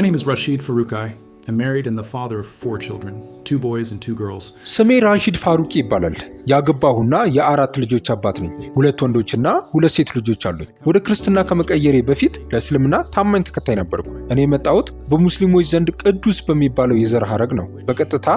name is Rashid Faruqi. I'm married and the father of four children, two boys and two girls. ስሜ ራሺድ ፋሩቂ ይባላል። ያገባሁና የአራት ልጆች አባት ነኝ። ሁለት ወንዶችና ሁለት ሴት ልጆች አሉኝ። ወደ ክርስትና ከመቀየሬ በፊት ለእስልምና ታማኝ ተከታይ ነበርኩ። እኔ የመጣሁት በሙስሊሞች ዘንድ ቅዱስ በሚባለው የዘር ሐረግ ነው። በቀጥታ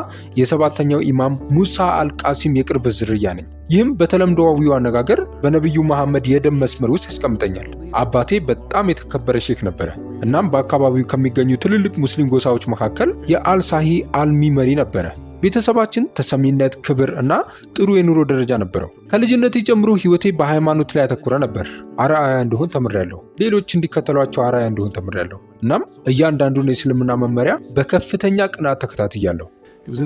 የሰባተኛው ኢማም ሙሳ አልቃሲም የቅርብ ዝርያ ነኝ። ይህም በተለምዶዊው አነጋገር በነቢዩ መሐመድ የደም መስመር ውስጥ ያስቀምጠኛል። አባቴ በጣም የተከበረ ሼክ ነበረ። እናም በአካባቢው ከሚገኙ ትልልቅ ሙስሊም ጎሳዎች መካከል የአልሳሂ አልሚ መሪ ነበረ። ቤተሰባችን ተሰሚነት፣ ክብር እና ጥሩ የኑሮ ደረጃ ነበረው። ከልጅነቴ ጀምሮ ህይወቴ በሃይማኖት ላይ ያተኮረ ነበር። አርአያ እንደሆን ተምሬያለሁ። ሌሎች እንዲከተሏቸው አርአያ እንደሆን ተምሬያለሁ። እናም እያንዳንዱን የእስልምና መመሪያ በከፍተኛ ቅናት ተከታትያለሁ። ሙሉ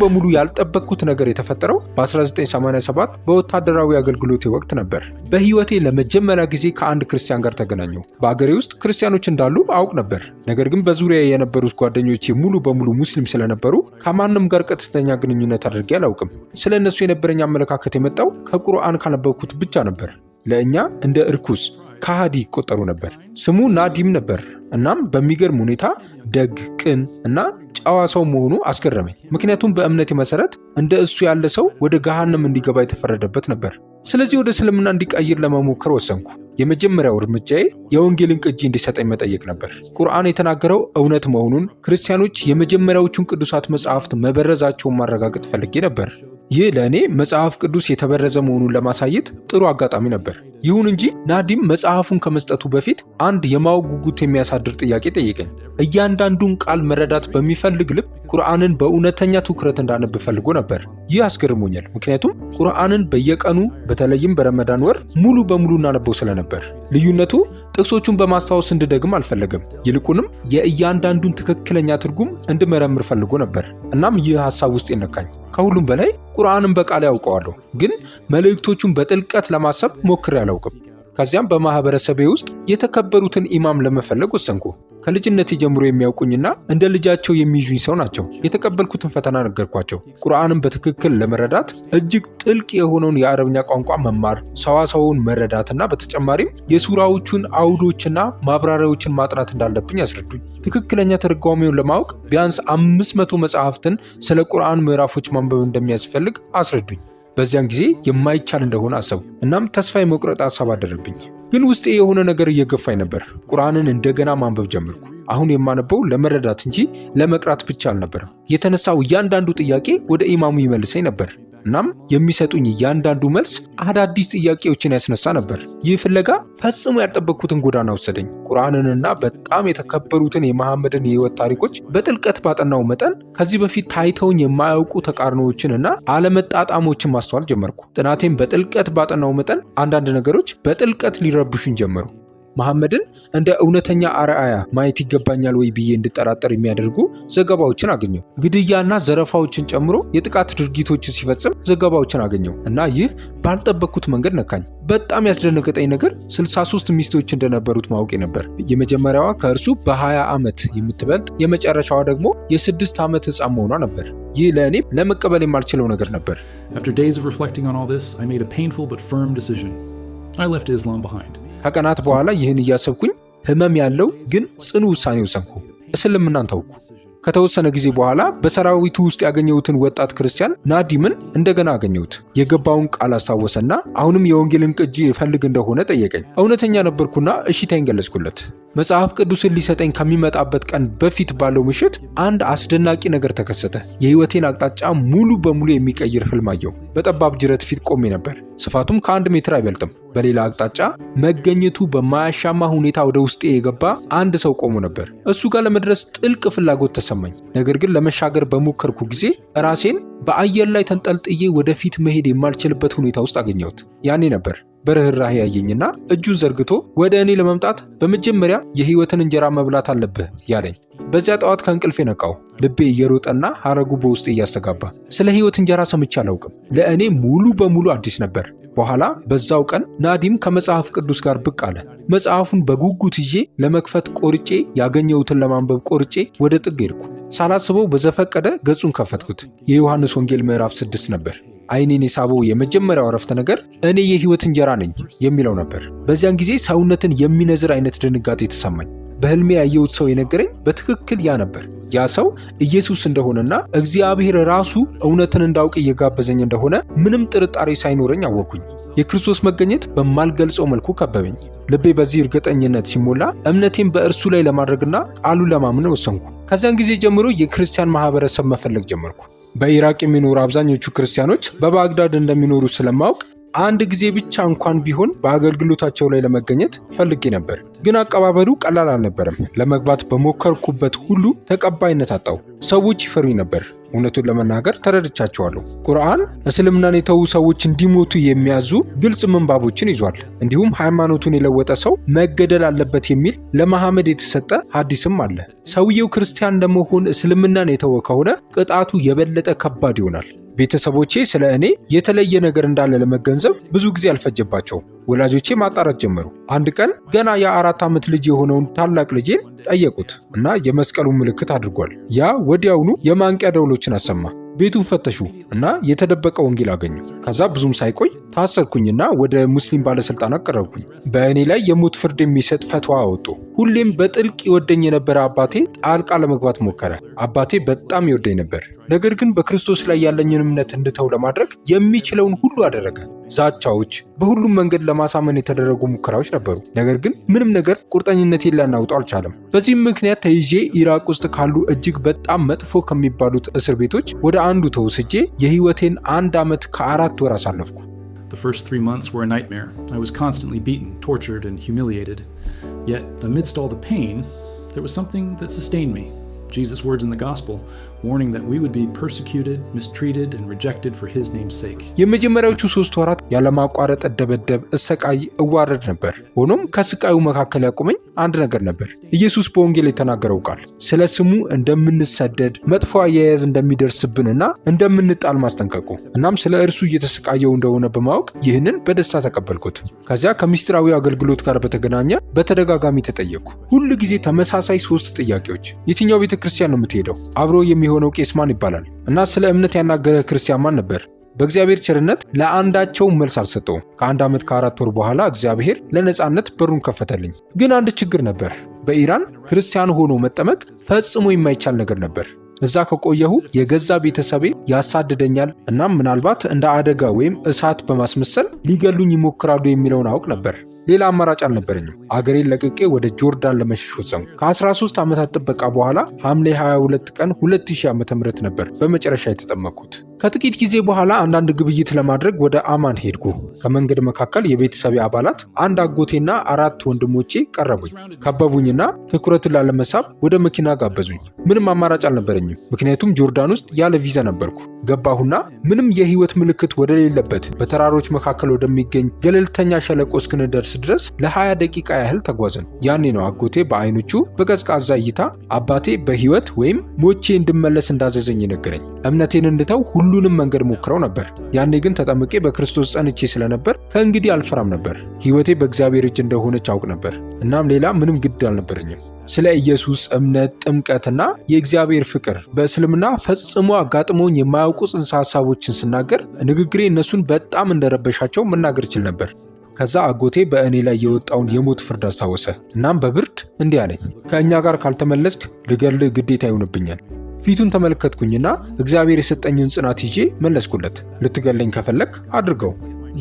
በሙሉ ያልጠበቅኩት ነገር የተፈጠረው በ1987 በወታደራዊ አገልግሎቴ ወቅት ነበር። በህይወቴ ለመጀመሪያ ጊዜ ከአንድ ክርስቲያን ጋር ተገናኘሁ። በአገሬ ውስጥ ክርስቲያኖች እንዳሉ አውቅ ነበር። ነገር ግን በዙሪያ የነበሩት ጓደኞቼ ሙሉ በሙሉ ሙስሊም ስለነበሩ ከማንም ጋር ቀጥተኛ ግንኙነት አድርጌ አላውቅም። ስለ እነሱ የነበረኝ አመለካከት የመጣው ከቁርአን ካነበብኩት ብቻ ነበር። ለእኛ እንደ እርኩስ ከሃዲ ይቆጠሩ ነበር። ስሙ ናዲም ነበር። እናም በሚገርም ሁኔታ ደግ፣ ቅን እና ጨዋ ሰው መሆኑ አስገረመኝ። ምክንያቱም በእምነት መሰረት እንደ እሱ ያለ ሰው ወደ ገሃነም እንዲገባ የተፈረደበት ነበር። ስለዚህ ወደ እስልምና እንዲቀይር ለመሞከር ወሰንኩ። የመጀመሪያው እርምጃዬ የወንጌልን ቅጂ እንዲሰጠኝ መጠየቅ ነበር። ቁርአን የተናገረው እውነት መሆኑን ክርስቲያኖች የመጀመሪያዎቹን ቅዱሳት መጽሐፍት መበረዛቸውን ማረጋገጥ ፈልጌ ነበር። ይህ ለእኔ መጽሐፍ ቅዱስ የተበረዘ መሆኑን ለማሳየት ጥሩ አጋጣሚ ነበር። ይሁን እንጂ ናዲም መጽሐፉን ከመስጠቱ በፊት አንድ የማወቅ ጉጉት የሚያሳድር ጥያቄ ጠየቀኝ። እያንዳንዱን ቃል መረዳት በሚፈልግ ልብ ቁርአንን በእውነተኛ ትኩረት እንዳነብ ፈልጎ ነበር። ይህ አስገርሞኛል። ምክንያቱም ቁርአንን በየቀኑ በተለይም በረመዳን ወር ሙሉ በሙሉ እናነበው ስለነበር ልዩነቱ ጥቅሶቹን በማስታወስ እንድደግም አልፈለገም። ይልቁንም የእያንዳንዱን ትክክለኛ ትርጉም እንድመረምር ፈልጎ ነበር። እናም ይህ ሀሳብ ውስጥ ይነካኝ ከሁሉም በላይ ቁርአንን በቃል ያውቀዋለሁ፣ ግን መልእክቶቹን በጥልቀት ለማሰብ ሞክሬ አላውቅም። ከዚያም በማህበረሰቤ ውስጥ የተከበሩትን ኢማም ለመፈለግ ወሰንኩ። ከልጅነቴ ጀምሮ የሚያውቁኝና እንደ ልጃቸው የሚይዙኝ ሰው ናቸው። የተቀበልኩትን ፈተና ነገርኳቸው። ቁርአንን በትክክል ለመረዳት እጅግ ጥልቅ የሆነውን የአረብኛ ቋንቋ መማር፣ ሰዋሰውን መረዳትና በተጨማሪም የሱራዎቹን አውዶችና ማብራሪያዎችን ማጥናት እንዳለብኝ ያስረዱኝ። ትክክለኛ ተርጓሚውን ለማወቅ ቢያንስ አምስት መቶ መጽሐፍትን ስለ ቁርአን ምዕራፎች ማንበብ እንደሚያስፈልግ አስረዱኝ። በዚያን ጊዜ የማይቻል እንደሆነ አሰቡ። እናም ተስፋ የመቁረጥ ሀሳብ አደረብኝ። ግን ውስጤ የሆነ ነገር እየገፋኝ ነበር። ቁርአንን እንደገና ማንበብ ጀመርኩ። አሁን የማነበው ለመረዳት እንጂ ለመቅራት ብቻ አልነበረም። የተነሳው እያንዳንዱ ጥያቄ ወደ ኢማሙ ይመልሰኝ ነበር። እናም የሚሰጡኝ እያንዳንዱ መልስ አዳዲስ ጥያቄዎችን ያስነሳ ነበር። ይህ ፍለጋ ፈጽሞ ያልጠበቅኩትን ጎዳና ወሰደኝ። ቁርአንንና በጣም የተከበሩትን የመሐመድን የህይወት ታሪኮች በጥልቀት ባጠናው መጠን ከዚህ በፊት ታይተውን የማያውቁ ተቃርኖዎችንና አለመጣጣሞችን ማስተዋል ጀመርኩ። ጥናቴን በጥልቀት ባጠናው መጠን አንዳንድ ነገሮች በጥልቀት ሊረብሹኝ ጀመሩ። መሐመድን እንደ እውነተኛ አርአያ ማየት ይገባኛል ወይ ብዬ እንድጠራጠር የሚያደርጉ ዘገባዎችን አገኘው። ግድያና ዘረፋዎችን ጨምሮ የጥቃት ድርጊቶችን ሲፈጽም ዘገባዎችን አገኘው እና ይህ ባልጠበቅኩት መንገድ ነካኝ። በጣም ያስደነገጠኝ ነገር 63 ሚስቶች እንደነበሩት ማወቄ ነበር። የመጀመሪያዋ ከእርሱ በ20 ዓመት የምትበልጥ የመጨረሻዋ ደግሞ የስድስት ዓመት ህፃን መሆኗ ነበር። ይህ ለእኔ ለመቀበል የማልችለው ነገር ነበር። After days of reflecting on all this, I made a painful but firm decision. I left Islam behind. ከቀናት በኋላ ይህን እያሰብኩኝ ህመም ያለው ግን ጽኑ ውሳኔ ወሰንኩ። እስልምናን ተውኩ። ከተወሰነ ጊዜ በኋላ በሰራዊቱ ውስጥ ያገኘሁትን ወጣት ክርስቲያን ናዲምን እንደገና አገኘሁት። የገባውን ቃል አስታወሰና አሁንም የወንጌልን ቅጂ ይፈልግ እንደሆነ ጠየቀኝ። እውነተኛ ነበርኩና እሺታዬን ገለጽኩለት። መጽሐፍ ቅዱስን ሊሰጠኝ ከሚመጣበት ቀን በፊት ባለው ምሽት አንድ አስደናቂ ነገር ተከሰተ። የህይወቴን አቅጣጫ ሙሉ በሙሉ የሚቀይር ህልም አየሁ። በጠባብ ጅረት ፊት ቆሜ ነበር። ስፋቱም ከአንድ ሜትር አይበልጥም። በሌላ አቅጣጫ መገኘቱ በማያሻማ ሁኔታ ወደ ውስጤ የገባ አንድ ሰው ቆሞ ነበር። እሱ ጋር ለመድረስ ጥልቅ ፍላጎት ተሰማ። ተሰማኝ። ነገር ግን ለመሻገር በሞከርኩ ጊዜ ራሴን በአየር ላይ ተንጠልጥዬ ወደፊት መሄድ የማልችልበት ሁኔታ ውስጥ አገኘሁት። ያኔ ነበር በርኅራኄ ያየኝና እጁን ዘርግቶ ወደ እኔ ለመምጣት በመጀመሪያ የሕይወትን እንጀራ መብላት አለብህ ያለኝ። በዚያ ጠዋት ከእንቅልፍ ነቃው። ልቤ እየሮጠና ሐረጉ በውስጥ እያስተጋባ። ስለ ሕይወት እንጀራ ሰምቼ አላውቅም። ለእኔ ሙሉ በሙሉ አዲስ ነበር። በኋላ በዛው ቀን ናዲም ከመጽሐፍ ቅዱስ ጋር ብቅ አለ። መጽሐፉን በጉጉት ይዤ ለመክፈት ቆርጬ ያገኘሁትን ለማንበብ ቆርጬ ወደ ጥግ ሄድኩ። ሳላስበው በዘፈቀደ ገጹን ከፈትኩት። የዮሐንስ ወንጌል ምዕራፍ ስድስት ነበር። አይኔን የሳበው የመጀመሪያው አረፍተ ነገር እኔ የህይወት እንጀራ ነኝ የሚለው ነበር። በዚያን ጊዜ ሰውነትን የሚነዝር አይነት ድንጋጤ ተሰማኝ። በህልሜ ያየሁት ሰው የነገረኝ በትክክል ያ ነበር። ያ ሰው ኢየሱስ እንደሆነና እግዚአብሔር ራሱ እውነትን እንዳውቅ እየጋበዘኝ እንደሆነ ምንም ጥርጣሬ ሳይኖረኝ አወቅኩኝ። የክርስቶስ መገኘት በማልገልጸው መልኩ ከበበኝ። ልቤ በዚህ እርግጠኝነት ሲሞላ እምነቴን በእርሱ ላይ ለማድረግና ቃሉ ለማምን ወሰንኩ። ከዚያን ጊዜ ጀምሮ የክርስቲያን ማህበረሰብ መፈለግ ጀመርኩ። በኢራቅ የሚኖሩ አብዛኞቹ ክርስቲያኖች በባግዳድ እንደሚኖሩ ስለማወቅ አንድ ጊዜ ብቻ እንኳን ቢሆን በአገልግሎታቸው ላይ ለመገኘት ፈልጌ ነበር፣ ግን አቀባበሉ ቀላል አልነበረም። ለመግባት በሞከርኩበት ሁሉ ተቀባይነት አጣው። ሰዎች ይፈሩኝ ነበር። እውነቱን ለመናገር ተረድቻቸዋለሁ። ቁርአን እስልምናን የተዉ ሰዎች እንዲሞቱ የሚያዙ ግልጽ ምንባቦችን ይዟል። እንዲሁም ሃይማኖቱን የለወጠ ሰው መገደል አለበት የሚል ለመሐመድ የተሰጠ ሐዲስም አለ። ሰውየው ክርስቲያን ለመሆን እስልምናን የተወ ከሆነ ቅጣቱ የበለጠ ከባድ ይሆናል። ቤተሰቦቼ ስለ እኔ የተለየ ነገር እንዳለ ለመገንዘብ ብዙ ጊዜ አልፈጀባቸውም። ወላጆቼ ማጣራት ጀመሩ። አንድ ቀን ገና የአራት ዓመት ልጅ የሆነውን ታላቅ ልጄን ጠየቁት እና የመስቀሉን ምልክት አድርጓል። ያ ወዲያውኑ የማንቂያ ደውሎችን አሰማ። ቤቱ ፈተሹ እና የተደበቀ ወንጌል አገኙ። ከዛ ብዙም ሳይቆይ ታሰርኩኝና ወደ ሙስሊም ባለስልጣናት ቀረብኩኝ። በእኔ ላይ የሞት ፍርድ የሚሰጥ ፈትዋ አወጡ። ሁሌም በጥልቅ ይወደኝ የነበረ አባቴ ጣልቃ ለመግባት ሞከረ። አባቴ በጣም ይወደኝ ነበር፣ ነገር ግን በክርስቶስ ላይ ያለኝን እምነት እንድተው ለማድረግ የሚችለውን ሁሉ አደረገ። ዛቻዎች፣ በሁሉም መንገድ ለማሳመን የተደረጉ ሙከራዎች ነበሩ፣ ነገር ግን ምንም ነገር ቁርጠኝነቴን ሊያናውጡ አልቻለም። በዚህም ምክንያት ተይዤ ኢራቅ ውስጥ ካሉ እጅግ በጣም መጥፎ ከሚባሉት እስር ቤቶች ወደ አንዱ ተወስጄ የህይወቴን አንድ ዓመት ከአራት ወር አሳለፍኩ። The first three months were a nightmare. I was constantly beaten, tortured, and humiliated. Yet, amidst all the pain, there was something that sustained me Jesus' words in the gospel warning that we would be persecuted, mistreated and rejected for his name's sake. የመጀመሪያዎቹ ሶስት ወራት ያለማቋረጥ እደበደብ፣ እሰቃይ፣ እዋረድ ነበር። ሆኖም ከስቃዩ መካከል ያቆመኝ አንድ ነገር ነበር። ኢየሱስ በወንጌል የተናገረው ቃል ስለ ስሙ እንደምንሰደድ፣ መጥፎ አያያዝ እንደሚደርስብንና እንደምንጣል ማስጠንቀቁ። እናም ስለ እርሱ እየተሰቃየው እንደሆነ በማወቅ ይህንን በደስታ ተቀበልኩት። ከዚያ ከምስጢራዊ አገልግሎት ጋር በተገናኘ በተደጋጋሚ ተጠየቁ። ሁል ጊዜ ተመሳሳይ ሶስት ጥያቄዎች። የትኛው ቤተክርስቲያን ነው የምትሄደው? አብሮ የሚ የሆነው ቄስ ማን ይባላል? እና ስለ እምነት ያናገረ ክርስቲያን ማን ነበር? በእግዚአብሔር ቸርነት ለአንዳቸው መልስ አልሰጠውም። ከአንድ ዓመት ከአራት ወር በኋላ እግዚአብሔር ለነፃነት በሩን ከፈተልኝ። ግን አንድ ችግር ነበር። በኢራን ክርስቲያን ሆኖ መጠመቅ ፈጽሞ የማይቻል ነገር ነበር። እዛ ከቆየሁ የገዛ ቤተሰቤ ያሳድደኛል፣ እናም ምናልባት እንደ አደጋ ወይም እሳት በማስመሰል ሊገሉኝ ይሞክራሉ የሚለውን አውቅ ነበር። ሌላ አማራጭ አልነበረኝም። አገሬን ለቅቄ ወደ ጆርዳን ለመሸሽ ወሰንኩ። ከ13 ዓመታት ጥበቃ በኋላ ሐምሌ 22 ቀን 2000 ዓ ም ነበር በመጨረሻ የተጠመቅኩት። ከጥቂት ጊዜ በኋላ አንዳንድ ግብይት ለማድረግ ወደ አማን ሄድኩ። ከመንገድ መካከል የቤተሰቤ አባላት አንድ አጎቴና አራት ወንድሞቼ ቀረቡኝ። ከበቡኝና ትኩረትን ላለመሳብ ወደ መኪና ጋበዙኝ። ምንም አማራጭ አልነበረኝም፣ ምክንያቱም ጆርዳን ውስጥ ያለ ቪዛ ነበርኩ። ገባሁና ምንም የህይወት ምልክት ወደሌለበት በተራሮች መካከል ወደሚገኝ ገለልተኛ ሸለቆ እስክንደርስ ድረስ ለ20 ደቂቃ ያህል ተጓዝን። ያኔ ነው አጎቴ በአይኖቹ በቀዝቃዛ እይታ አባቴ በህይወት ወይም ሞቼ እንድመለስ እንዳዘዘኝ ነገረኝ። እምነቴን እንድተው ሁሉንም መንገድ ሞክረው ነበር። ያኔ ግን ተጠምቄ በክርስቶስ ጸንቼ ስለነበር ከእንግዲህ አልፈራም ነበር። ሕይወቴ በእግዚአብሔር እጅ እንደሆነች አውቅ ነበር። እናም ሌላ ምንም ግድ አልነበረኝም። ስለ ኢየሱስ እምነት፣ ጥምቀትና የእግዚአብሔር ፍቅር በእስልምና ፈጽሞ አጋጥሞኝ የማያውቁ ጽንሰ ሐሳቦችን ስናገር ንግግሬ እነሱን በጣም እንደረበሻቸው መናገር ችል ነበር። ከዛ አጎቴ በእኔ ላይ የወጣውን የሞት ፍርድ አስታወሰ። እናም በብርድ እንዲህ አለኝ፣ ከእኛ ጋር ካልተመለስክ ልገልህ ግዴታ ይሆንብኛል። ፊቱን ተመለከትኩኝና እግዚአብሔር የሰጠኝን ጽናት ይዤ መለስኩለት። ልትገለኝ ከፈለክ አድርገው።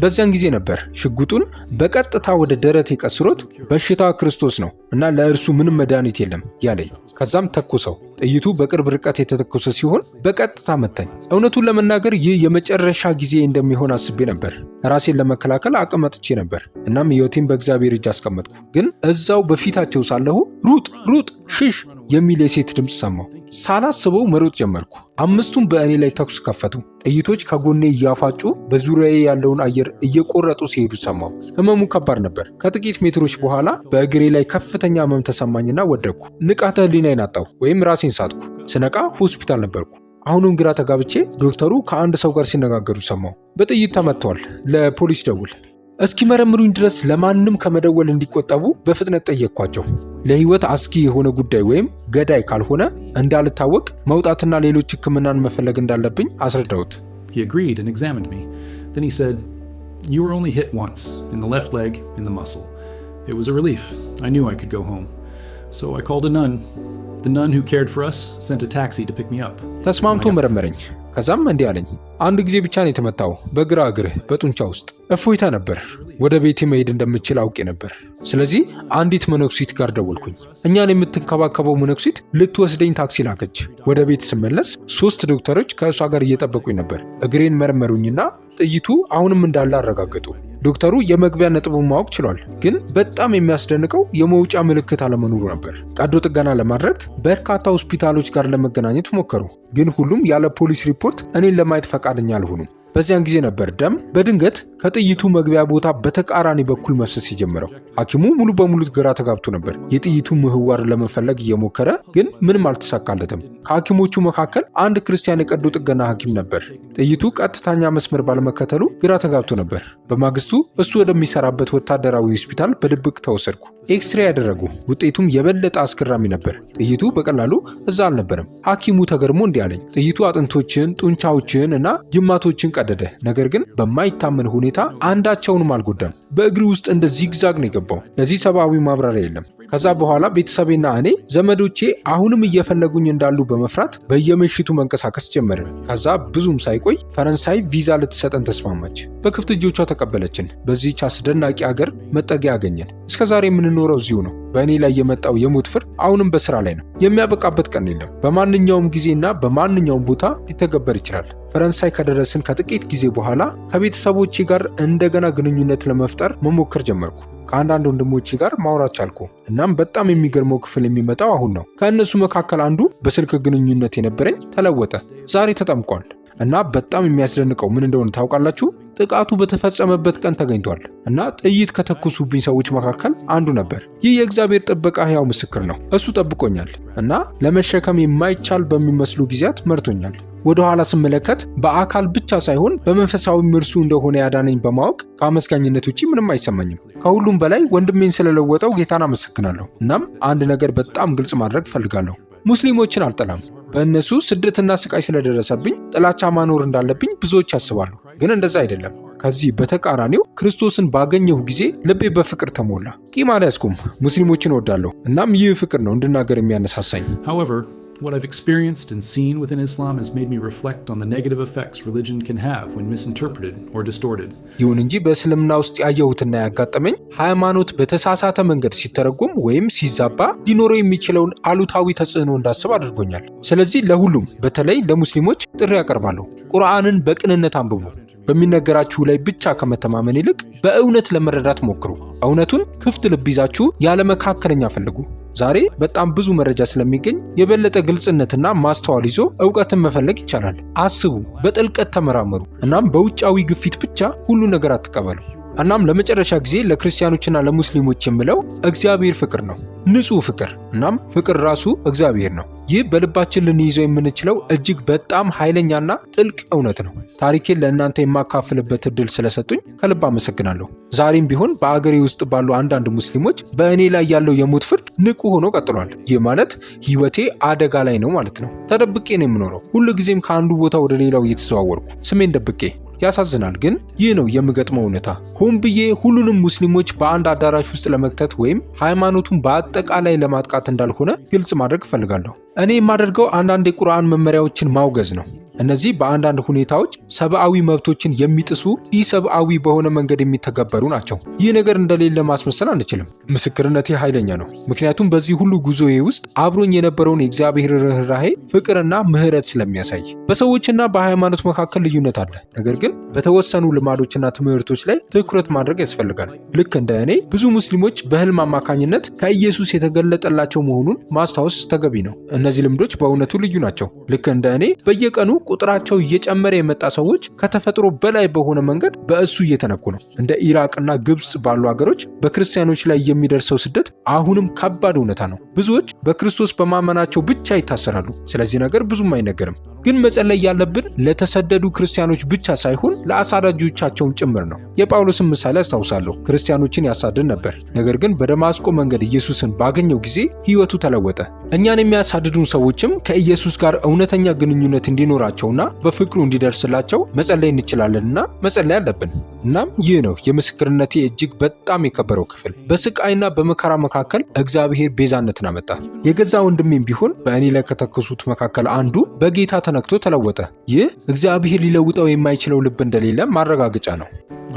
በዚያን ጊዜ ነበር ሽጉጡን በቀጥታ ወደ ደረቴ ቀስሮት በሽታ ክርስቶስ ነው እና ለእርሱ ምንም መድኃኒት የለም ያለኝ። ከዛም ተኩሰው ጥይቱ በቅርብ ርቀት የተተኮሰ ሲሆን በቀጥታ መታኝ። እውነቱን ለመናገር ይህ የመጨረሻ ጊዜ እንደሚሆን አስቤ ነበር። ራሴን ለመከላከል አቅመጥቼ ነበር። እናም ሕይወቴን በእግዚአብሔር እጅ አስቀመጥኩ። ግን እዛው በፊታቸው ሳለሁ ሩጥ ሩጥ ሽሽ የሚል የሴት ድምፅ ሰማሁ። ሳላስበው መሮጥ ጀመርኩ። አምስቱም በእኔ ላይ ተኩስ ከፈቱ። ጥይቶች ከጎኔ እያፋጩ በዙሪያዬ ያለውን አየር እየቆረጡ ሲሄዱ ሰማሁ። ህመሙ ከባድ ነበር። ከጥቂት ሜትሮች በኋላ በእግሬ ላይ ከፍተኛ ህመም ተሰማኝና ወደቅኩ። ንቃተ ህሊናዬን አጣሁ ወይም ራሴን ሳትኩ። ስነቃ ሆስፒታል ነበርኩ። አሁንም ግራ ተጋብቼ ዶክተሩ ከአንድ ሰው ጋር ሲነጋገሩ ሰማሁ። በጥይት ተመትቷል፣ ለፖሊስ ደውል እስኪመረምሩኝ ድረስ ለማንም ከመደወል እንዲቆጠቡ በፍጥነት ጠየቅኳቸው። ለህይወት አስጊ የሆነ ጉዳይ ወይም ገዳይ ካልሆነ እንዳልታወቅ መውጣትና ሌሎች ህክምናን መፈለግ እንዳለብኝ አስረዳሁት። ተስማምቶ መረመረኝ። ከዛም እንዲህ አለኝ፣ አንድ ጊዜ ብቻ ነው የተመታው፣ በግራ እግርህ በጡንቻ ውስጥ። እፎይታ ነበር። ወደ ቤቴ መሄድ እንደምችል አውቄ ነበር። ስለዚህ አንዲት መነኩሲት ጋር ደወልኩኝ። እኛን የምትንከባከበው መነኩሲት ልትወስደኝ ታክሲ ላከች። ወደ ቤት ስመለስ ሶስት ዶክተሮች ከእሷ ጋር እየጠበቁኝ ነበር። እግሬን መረመሩኝና ጥይቱ አሁንም እንዳለ አረጋገጡ። ዶክተሩ የመግቢያ ነጥቡን ማወቅ ችሏል፣ ግን በጣም የሚያስደንቀው የመውጫ ምልክት አለመኖሩ ነበር። ቀዶ ጥገና ለማድረግ በርካታ ሆስፒታሎች ጋር ለመገናኘት ሞከሩ፣ ግን ሁሉም ያለ ፖሊስ ሪፖርት እኔን ለማየት ፈቃደኛ አልሆኑም። በዚያን ጊዜ ነበር ደም በድንገት ከጥይቱ መግቢያ ቦታ በተቃራኒ በኩል መፍሰስ የጀመረው። ሐኪሙ ሙሉ በሙሉ ግራ ተጋብቶ ነበር። የጥይቱ ምህዋር ለመፈለግ እየሞከረ ግን ምንም አልተሳካለትም። ከሐኪሞቹ መካከል አንድ ክርስቲያን የቀዶ ጥገና ሐኪም ነበር። ጥይቱ ቀጥተኛ መስመር ባለመከተሉ ግራ ተጋብቶ ነበር። በማግስቱ እሱ ወደሚሰራበት ወታደራዊ ሆስፒታል በድብቅ ተወሰድኩ። ኤክስሬ ያደረጉ። ውጤቱም የበለጠ አስገራሚ ነበር። ጥይቱ በቀላሉ እዛ አልነበረም። ሐኪሙ ተገርሞ እንዲህ አለኝ፣ ጥይቱ አጥንቶችን፣ ጡንቻዎችን እና ጅማቶችን ቀ ተሳደደ። ነገር ግን በማይታመን ሁኔታ አንዳቸውንም አልጎዳም። በእግር ውስጥ እንደ ዚግዛግ ነው የገባው። ለዚህ ሰብአዊ ማብራሪያ የለም። ከዛ በኋላ ቤተሰቤና እኔ ዘመዶቼ አሁንም እየፈለጉኝ እንዳሉ በመፍራት በየምሽቱ መንቀሳቀስ ጀመርን። ከዛ ብዙም ሳይቆይ ፈረንሳይ ቪዛ ልትሰጠን ተስማማች። በክፍት እጆቿ ተቀበለችን። በዚህች አስደናቂ አገር መጠጊያ አገኘን። እስከዛሬ የምንኖረው እዚሁ ነው። በእኔ ላይ የመጣው የሞት ፍርድ አሁንም በስራ ላይ ነው። የሚያበቃበት ቀን የለም። በማንኛውም ጊዜና በማንኛውም ቦታ ሊተገበር ይችላል። ፈረንሳይ ከደረስን ከጥቂት ጊዜ በኋላ ከቤተሰቦቼ ጋር እንደገና ግንኙነት ለመፍጠር መሞከር ጀመርኩ። ከአንዳንድ ወንድሞቼ ጋር ማውራት ቻልኩ። እናም በጣም የሚገርመው ክፍል የሚመጣው አሁን ነው። ከእነሱ መካከል አንዱ በስልክ ግንኙነት የነበረኝ ተለወጠ። ዛሬ ተጠምቋል። እና በጣም የሚያስደንቀው ምን እንደሆነ ታውቃላችሁ? ጥቃቱ በተፈጸመበት ቀን ተገኝቷል እና ጥይት ከተኩሱብኝ ሰዎች መካከል አንዱ ነበር። ይህ የእግዚአብሔር ጥበቃ ሕያው ምስክር ነው። እሱ ጠብቆኛል እና ለመሸከም የማይቻል በሚመስሉ ጊዜያት መርቶኛል። ወደ ኋላ ስመለከት በአካል ብቻ ሳይሆን በመንፈሳዊ እርሱ እንደሆነ ያዳነኝ በማወቅ ከአመስጋኝነት ውጭ ምንም አይሰማኝም። ከሁሉም በላይ ወንድሜን ስለለወጠው ጌታን አመሰግናለሁ። እናም አንድ ነገር በጣም ግልጽ ማድረግ እፈልጋለሁ። ሙስሊሞችን አልጠላም። በእነሱ ስደትና ስቃይ ስለደረሰብኝ ጥላቻ ማኖር እንዳለብኝ ብዙዎች ያስባሉ። ግን እንደዛ አይደለም። ከዚህ በተቃራኒው ክርስቶስን ባገኘሁ ጊዜ ልቤ በፍቅር ተሞላ። ቂም አልያዝኩም። ሙስሊሞችን እወዳለሁ። እናም ይህ ፍቅር ነው እንድናገር የሚያነሳሳኝ። What I've experienced and seen within Islam has made me reflect on the negative effects religion can have when misinterpreted or distorted. ይሁን እንጂ በእስልምና ውስጥ ያየሁትና ያጋጠመኝ ሃይማኖት በተሳሳተ መንገድ ሲተረጎም ወይም ሲዛባ ሊኖረው የሚችለውን አሉታዊ ተጽዕኖ እንዳስብ አድርጎኛል። ስለዚህ ለሁሉም በተለይ ለሙስሊሞች ጥሪ ያቀርባለሁ። ቁርአንን በቅንነት አንብቡ። በሚነገራችሁ ላይ ብቻ ከመተማመን ይልቅ በእውነት ለመረዳት ሞክሩ። እውነቱን ክፍት ልብ ይዛችሁ ያለ መካከለኛ ፈልጉ። ዛሬ በጣም ብዙ መረጃ ስለሚገኝ የበለጠ ግልጽነትና ማስተዋል ይዞ እውቀትን መፈለግ ይቻላል። አስቡ፣ በጥልቀት ተመራመሩ። እናም በውጫዊ ግፊት ብቻ ሁሉ ነገር አትቀበሉ። እናም ለመጨረሻ ጊዜ ለክርስቲያኖችና ለሙስሊሞች የምለው እግዚአብሔር ፍቅር ነው፣ ንጹህ ፍቅር። እናም ፍቅር ራሱ እግዚአብሔር ነው። ይህ በልባችን ልንይዘው የምንችለው እጅግ በጣም ኃይለኛና ጥልቅ እውነት ነው። ታሪኬን ለእናንተ የማካፍልበት እድል ስለሰጡኝ ከልብ አመሰግናለሁ። ዛሬም ቢሆን በአገሬ ውስጥ ባሉ አንዳንድ ሙስሊሞች በእኔ ላይ ያለው የሞት ፍርድ ንቁ ሆኖ ቀጥሏል። ይህ ማለት ህይወቴ አደጋ ላይ ነው ማለት ነው። ተደብቄ ነው የምኖረው፣ ሁሉ ጊዜም ከአንዱ ቦታ ወደ ሌላው እየተዘዋወርኩ ስሜን ደብቄ ያሳዝናል ግን ይህ ነው የምገጥመው እውነታ። ሆን ብዬ ሁሉንም ሙስሊሞች በአንድ አዳራሽ ውስጥ ለመክተት ወይም ሃይማኖቱን በአጠቃላይ ለማጥቃት እንዳልሆነ ግልጽ ማድረግ እፈልጋለሁ። እኔ የማደርገው አንዳንድ የቁርአን መመሪያዎችን ማውገዝ ነው። እነዚህ በአንዳንድ ሁኔታዎች ሰብአዊ መብቶችን የሚጥሱ ኢሰብአዊ በሆነ መንገድ የሚተገበሩ ናቸው። ይህ ነገር እንደሌለ ማስመሰል አንችልም። ምስክርነቴ ኃይለኛ ነው። ምክንያቱም በዚህ ሁሉ ጉዞዬ ውስጥ አብሮኝ የነበረውን የእግዚአብሔር ርኅራሄ፣ ፍቅርና ምሕረት ስለሚያሳይ በሰዎችና በሃይማኖት መካከል ልዩነት አለ። ነገር ግን በተወሰኑ ልማዶችና ትምህርቶች ላይ ትኩረት ማድረግ ያስፈልጋል። ልክ እንደ እኔ ብዙ ሙስሊሞች በህልም አማካኝነት ከኢየሱስ የተገለጠላቸው መሆኑን ማስታወስ ተገቢ ነው። እነዚህ ልምዶች በእውነቱ ልዩ ናቸው። ልክ እንደ እኔ በየቀኑ ቁጥራቸው እየጨመረ የመጣ ሰዎች ከተፈጥሮ በላይ በሆነ መንገድ በእሱ እየተነኩ ነው። እንደ ኢራቅና ግብፅ ባሉ ሀገሮች በክርስቲያኖች ላይ የሚደርሰው ስደት አሁንም ከባድ እውነታ ነው። ብዙዎች በክርስቶስ በማመናቸው ብቻ ይታሰራሉ። ስለዚህ ነገር ብዙም አይነገርም። ግን መጸለይ ያለብን ለተሰደዱ ክርስቲያኖች ብቻ ሳይሆን ለአሳዳጆቻቸውም ጭምር ነው። የጳውሎስን ምሳሌ አስታውሳለሁ። ክርስቲያኖችን ያሳድድ ነበር፣ ነገር ግን በደማስቆ መንገድ ኢየሱስን ባገኘው ጊዜ ሕይወቱ ተለወጠ። እኛን የሚያሳድዱን ሰዎችም ከኢየሱስ ጋር እውነተኛ ግንኙነት እንዲኖራቸውና በፍቅሩ እንዲደርስላቸው መጸለይ እንችላለንና መጸለይ አለብን። እናም ይህ ነው የምስክርነቴ እጅግ በጣም የከበረው ክፍል በስቃይና በመከራ መካ መካከል እግዚአብሔር ቤዛነትን አመጣ። የገዛ ወንድሜም ቢሆን በእኔ ላይ ከተከሱት መካከል አንዱ በጌታ ተነክቶ ተለወጠ። ይህ እግዚአብሔር ሊለውጠው የማይችለው ልብ እንደሌለ ማረጋገጫ ነው።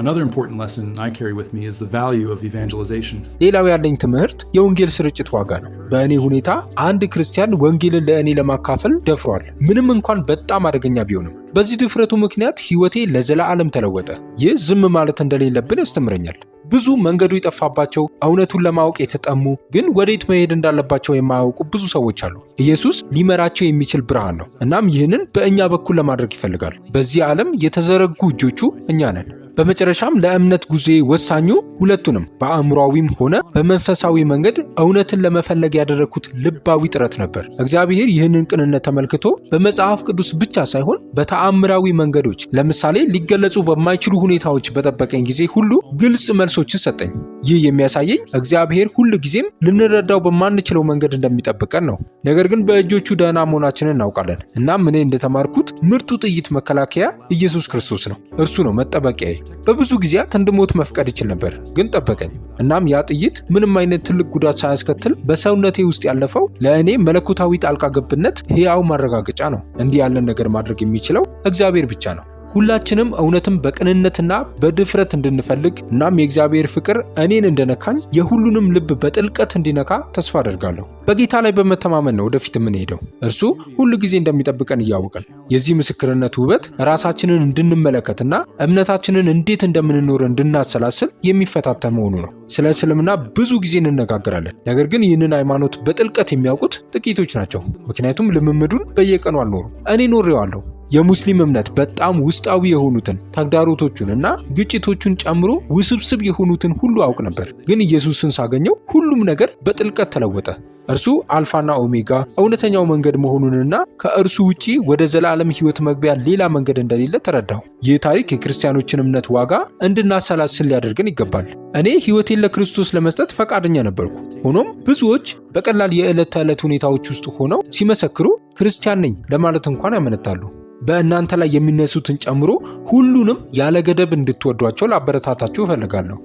ሌላው ያለኝ ትምህርት የወንጌል ስርጭት ዋጋ ነው። በእኔ ሁኔታ አንድ ክርስቲያን ወንጌልን ለእኔ ለማካፈል ደፍሯል፣ ምንም እንኳን በጣም አደገኛ ቢሆንም። በዚህ ድፍረቱ ምክንያት ሕይወቴ ለዘላለም ተለወጠ። ይህ ዝም ማለት እንደሌለብን ያስተምረኛል። ብዙ መንገዱ የጠፋባቸው እውነቱን ለማወቅ የተጠሙ ግን ወዴት መሄድ እንዳለባቸው የማያውቁ ብዙ ሰዎች አሉ። ኢየሱስ ሊመራቸው የሚችል ብርሃን ነው። እናም ይህንን በእኛ በኩል ለማድረግ ይፈልጋል። በዚህ ዓለም የተዘረጉ እጆቹ እኛ ነን። በመጨረሻም ለእምነት ጉዜ ወሳኙ ሁለቱንም በአእምሯዊም ሆነ በመንፈሳዊ መንገድ እውነትን ለመፈለግ ያደረግኩት ልባዊ ጥረት ነበር። እግዚአብሔር ይህንን ቅንነት ተመልክቶ በመጽሐፍ ቅዱስ ብቻ ሳይሆን በተአምራዊ መንገዶች ለምሳሌ ሊገለጹ በማይችሉ ሁኔታዎች በጠበቀኝ ጊዜ ሁሉ ግልጽ መልሶችን ሰጠኝ። ይህ የሚያሳየኝ እግዚአብሔር ሁል ጊዜም ልንረዳው በማንችለው መንገድ እንደሚጠብቀን ነው። ነገር ግን በእጆቹ ደህና መሆናችንን እናውቃለን። እናም እኔ እንደተማርኩት ምርጡ ጥይት መከላከያ ኢየሱስ ክርስቶስ ነው። እርሱ ነው መጠበቂያዬ። በብዙ ጊዜያት እንድሞት መፍቀድ ይችል ነበር፣ ግን ጠበቀኝ። እናም ያ ጥይት ምንም አይነት ትልቅ ጉዳት ሳያስከትል በሰውነቴ ውስጥ ያለፈው ለእኔ መለኮታዊ ጣልቃ ገብነት ሕያው ማረጋገጫ ነው። እንዲህ ያለን ነገር ማድረግ የሚችለው እግዚአብሔር ብቻ ነው። ሁላችንም እውነትን በቅንነትና በድፍረት እንድንፈልግ እናም የእግዚአብሔር ፍቅር እኔን እንደነካኝ የሁሉንም ልብ በጥልቀት እንዲነካ ተስፋ አደርጋለሁ። በጌታ ላይ በመተማመን ነው ወደፊት የምንሄደው፣ እርሱ ሁሉ ጊዜ እንደሚጠብቀን እያወቀን። የዚህ ምስክርነት ውበት ራሳችንን እንድንመለከትና እምነታችንን እንዴት እንደምንኖር እንድናሰላስል የሚፈታተን መሆኑ ነው። ስለ እስልምና ብዙ ጊዜ እንነጋገራለን፣ ነገር ግን ይህንን ሃይማኖት በጥልቀት የሚያውቁት ጥቂቶች ናቸው። ምክንያቱም ልምምዱን በየቀኑ አልኖሩም። እኔ ኖሬዋለሁ። የሙስሊም እምነት በጣም ውስጣዊ የሆኑትን ተግዳሮቶቹን እና ግጭቶቹን ጨምሮ ውስብስብ የሆኑትን ሁሉ አውቅ ነበር። ግን ኢየሱስን ሳገኘው ሁሉም ነገር በጥልቀት ተለወጠ። እርሱ አልፋና ኦሜጋ እውነተኛው መንገድ መሆኑንና ከእርሱ ውጪ ወደ ዘላለም ሕይወት መግቢያ ሌላ መንገድ እንደሌለ ተረዳሁ። ይህ ታሪክ የክርስቲያኖችን እምነት ዋጋ እንድናሰላስል ሊያደርገን ይገባል። እኔ ሕይወቴን ለክርስቶስ ለመስጠት ፈቃደኛ ነበርኩ። ሆኖም ብዙዎች በቀላል የዕለት ተዕለት ሁኔታዎች ውስጥ ሆነው ሲመሰክሩ ክርስቲያን ነኝ ለማለት እንኳን ያመነታሉ። በእናንተ ላይ የሚነሱትን ጨምሮ ሁሉንም ያለ ገደብ እንድትወዷቸው ላበረታታችሁ እፈልጋለሁ።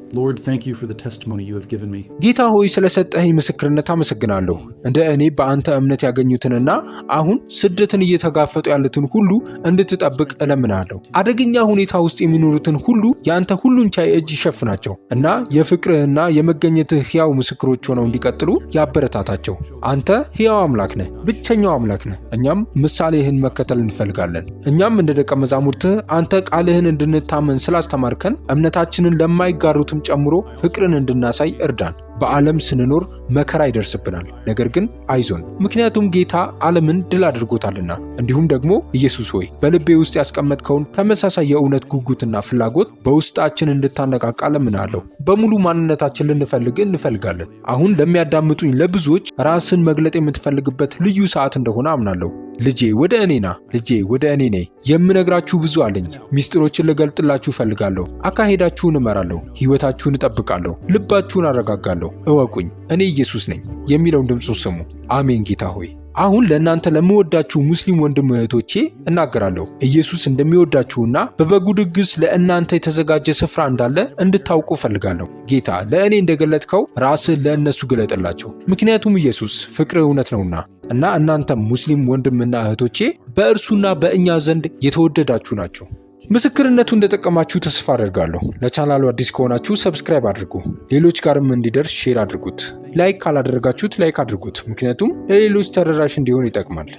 ጌታ ሆይ ስለሰጠኸኝ ምስክርነት አመሰግናለሁ። እንደ እኔ በአንተ እምነት ያገኙትንና አሁን ስደትን እየተጋፈጡ ያሉትን ሁሉ እንድትጠብቅ እለምናለሁ። አደገኛ ሁኔታ ውስጥ የሚኖሩትን ሁሉ የአንተ ሁሉን ቻይ እጅ ይሸፍናቸው እና የፍቅርህና የመገኘትህ ሕያው ምስክሮች ሆነው እንዲቀጥሉ ያበረታታቸው። አንተ ሕያው አምላክ ነህ፣ ብቸኛው አምላክ ነህ። እኛም ምሳሌህን መከተል እንፈልጋለን። እንችላለን። እኛም እንደ ደቀ መዛሙርትህ አንተ ቃልህን እንድንታመን ስላስተማርከን እምነታችንን ለማይጋሩትም ጨምሮ ፍቅርን እንድናሳይ እርዳን። በዓለም ስንኖር መከራ ይደርስብናል፣ ነገር ግን አይዞን፣ ምክንያቱም ጌታ ዓለምን ድል አድርጎታልና። እንዲሁም ደግሞ ኢየሱስ ሆይ በልቤ ውስጥ ያስቀመጥከውን ተመሳሳይ የእውነት ጉጉትና ፍላጎት በውስጣችን እንድታነቃቃ ለምናለሁ። በሙሉ ማንነታችን ልንፈልግ እንፈልጋለን። አሁን ለሚያዳምጡኝ ለብዙዎች ራስን መግለጥ የምትፈልግበት ልዩ ሰዓት እንደሆነ አምናለሁ። ልጄ ወደ እኔ ና፣ ልጄ ወደ እኔ ነይ፣ የምነግራችሁ ብዙ አለኝ። ሚስጢሮችን ልገልጥላችሁ እፈልጋለሁ። አካሄዳችሁን እመራለሁ፣ ሕይወታችሁን እጠብቃለሁ፣ ልባችሁን አረጋጋለሁ። እወቁኝ፣ እኔ ኢየሱስ ነኝ የሚለውን ድምፁ ስሙ። አሜን። ጌታ ሆይ አሁን ለእናንተ ለምወዳችሁ ሙስሊም ወንድም እህቶቼ እናገራለሁ። ኢየሱስ እንደሚወዳችሁና በበጉ ድግስ ለእናንተ የተዘጋጀ ስፍራ እንዳለ እንድታውቁ እፈልጋለሁ። ጌታ ለእኔ እንደገለጥከው ራስህ ለእነሱ ግለጥላቸው፣ ምክንያቱም ኢየሱስ ፍቅር እውነት ነውና። እና እናንተም ሙስሊም ወንድምና እህቶቼ በእርሱና በእኛ ዘንድ የተወደዳችሁ ናችሁ። ምስክርነቱ እንደጠቀማችሁ ተስፋ አድርጋለሁ። ለቻናሉ አዲስ ከሆናችሁ ሰብስክራይብ አድርጉ። ሌሎች ጋርም እንዲደርስ ሼር አድርጉት። ላይክ ካላደረጋችሁት ላይክ አድርጉት፣ ምክንያቱም ለሌሎች ተደራሽ እንዲሆን ይጠቅማል።